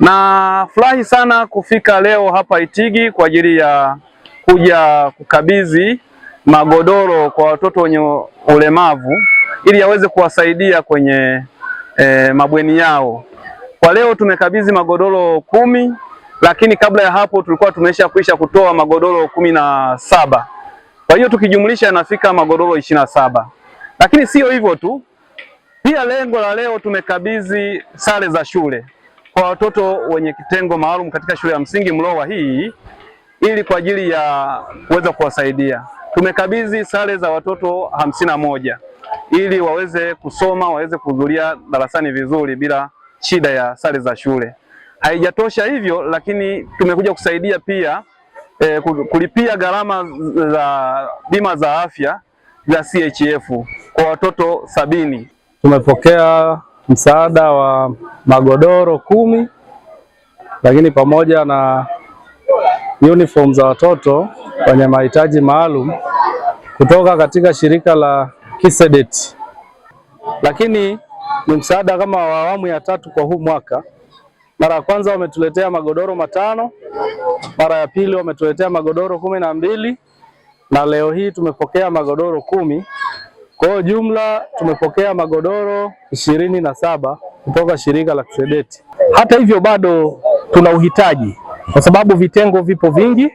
Na furahi sana kufika leo hapa Itigi kwa ajili ya kuja kukabidhi magodoro kwa watoto wenye ulemavu ili yaweze kuwasaidia kwenye e, mabweni yao. Kwa leo tumekabidhi magodoro kumi, lakini kabla ya hapo tulikuwa tumesha kuisha kutoa magodoro kumi na saba. Kwa hiyo tukijumlisha yanafika magodoro ishirini na saba, lakini sio hivyo tu, pia lengo la leo tumekabidhi sare za shule kwa watoto wenye kitengo maalum katika shule ya msingi Mlowa hii ili kwa ajili ya kuweza kuwasaidia. Tumekabidhi sare za watoto hamsini na moja ili waweze kusoma, waweze kuhudhuria darasani vizuri bila shida ya sare za shule. Haijatosha hivyo, lakini tumekuja kusaidia pia e, kulipia gharama za bima za afya za CHF kwa watoto sabini. Tumepokea msaada wa magodoro kumi, lakini pamoja na uniform za watoto wenye mahitaji maalum kutoka katika shirika la Kisedet. Lakini ni msaada kama wa awamu ya tatu kwa huu mwaka. Mara ya kwanza wametuletea magodoro matano, mara ya pili wametuletea magodoro kumi na mbili na leo hii tumepokea magodoro kumi. Kwa hiyo jumla tumepokea magodoro ishirini na saba kutoka shirika la Kisedeti. Hata hivyo bado tuna uhitaji, kwa sababu vitengo vipo vingi.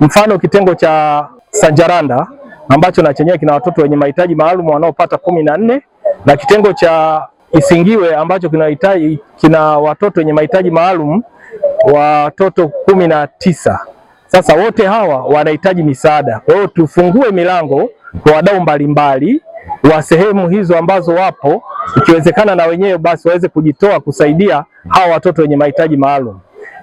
Mfano kitengo cha Sanjaranda ambacho na chenyewe kina watoto wenye mahitaji maalum wanaopata kumi na nne na kitengo cha Isingiwe ambacho kinahitaji kina watoto wenye mahitaji maalum watoto kumi na tisa. Sasa wote hawa wanahitaji misaada, kwa hiyo tufungue milango kwa wadau mbalimbali wa sehemu hizo ambazo wapo, ikiwezekana na wenyewe basi waweze kujitoa kusaidia hawa watoto wenye mahitaji maalum.